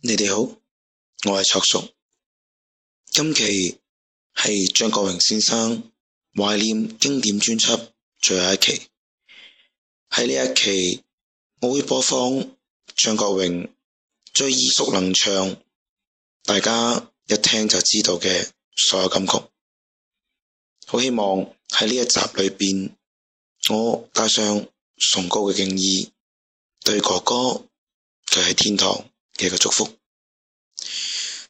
你哋好，我係卓叔。今期係張國榮先生懷念經典專輯最後一期。喺呢一期，我會播放張國榮最耳熟能唱，大家一聽就知道嘅所有金曲。好希望喺呢一集裏邊，我帶上崇高嘅敬意，對哥哥佢喺天堂嘅祝福。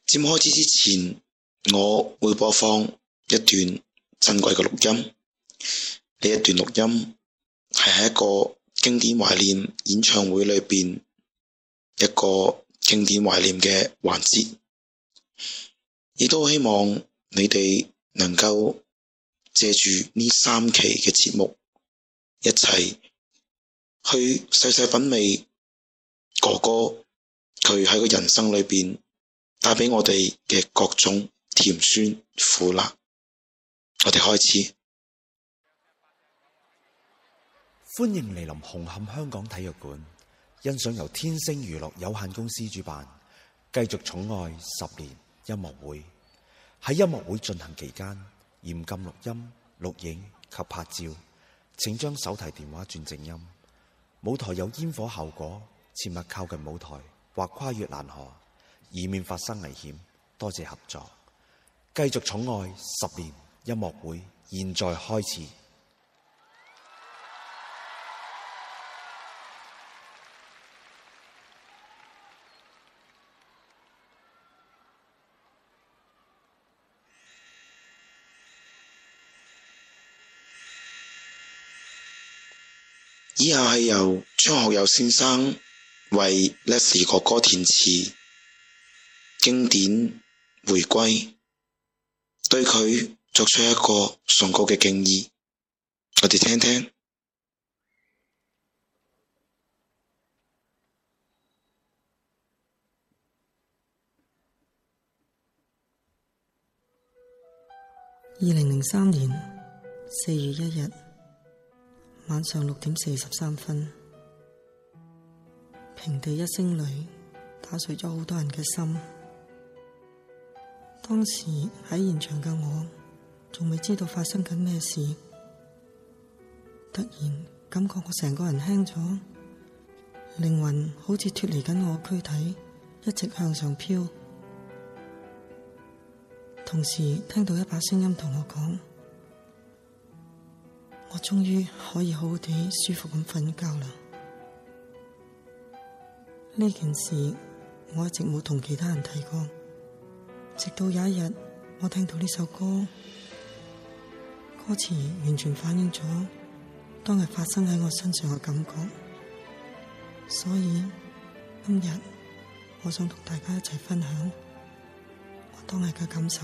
節目開始之前，我會播放一段珍貴嘅錄音。呢一段錄音係喺一個經典懷念演唱會裏邊一個經典懷念嘅環節。亦都好希望你哋能夠借住呢三期嘅節目，一齊去細細品味哥哥。佢喺佢人生裏邊帶俾我哋嘅各種甜酸苦辣，我哋開始。歡迎嚟臨紅磡香港體育館欣賞由天星娛樂有限公司主辦繼續寵愛十年音樂會。喺音樂會進行期間，嚴禁錄音、錄影及拍照，請將手提電話轉靜音。舞台有煙火效果，切勿靠近舞台。或跨越南河，以免發生危險。多謝合作，繼續寵愛十年音樂會，現在開始。以下係由張學友先生。為 Leslie 哥哥填詞，經典回歸，對佢作出一個崇高嘅敬意。我哋聽聽。二零零三年四月一日晚上六點四十三分。平地一聲雷，打碎咗好多人嘅心。當時喺現場嘅我，仲未知道發生緊咩事，突然感覺我成個人輕咗，靈魂好似脫離緊我軀體，一直向上飄。同時聽到一把聲音同我講：我終於可以好好地舒服咁瞓覺啦。呢件事我一直冇同其他人提過，直到有一日我聽到呢首歌，歌詞完全反映咗當日發生喺我身上嘅感覺，所以今日我想同大家一齊分享我當日嘅感受。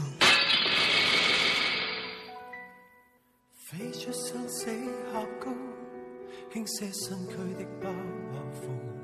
飛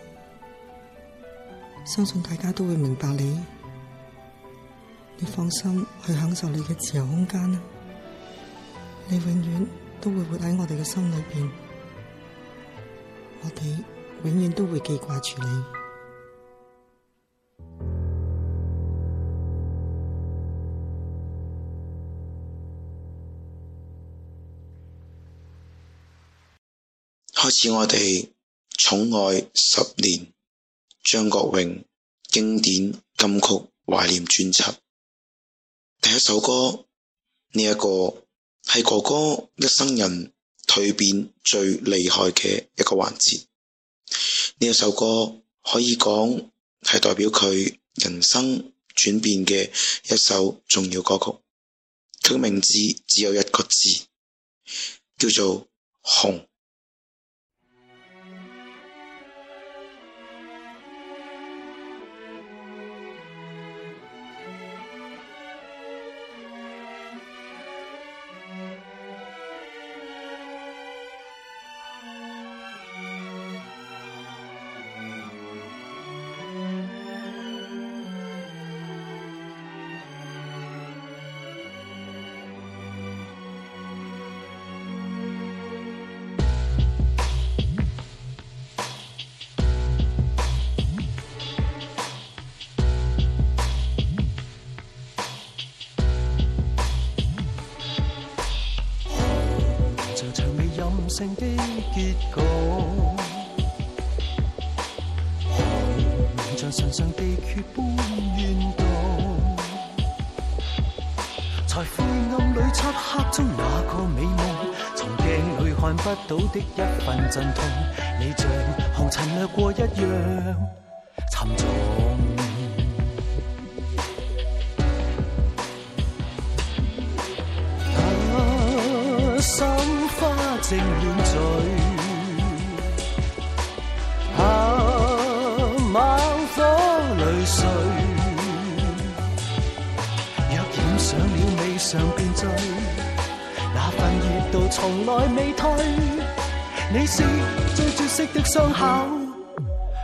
相信大家都會明白你，你放心去享受你嘅自由空間。你永遠都會活喺我哋嘅心裏邊，我哋永遠都會記掛住你。開始，我哋寵愛十年。張國榮經典金曲懷念專輯第一首歌呢一個係哥哥一生人蛻變最厲害嘅一個環節呢首歌可以講係代表佢人生轉變嘅一首重要歌曲，佢嘅名字只有一個字，叫做紅。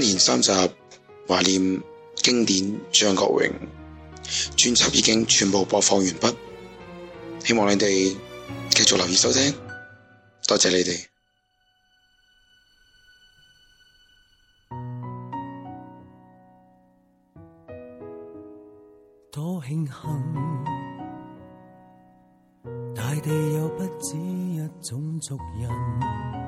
今年三十懷念經典張國榮專輯已經全部播放完畢，希望你哋繼續留意收聽，多謝你哋。多慶幸，大地又不止一種族人。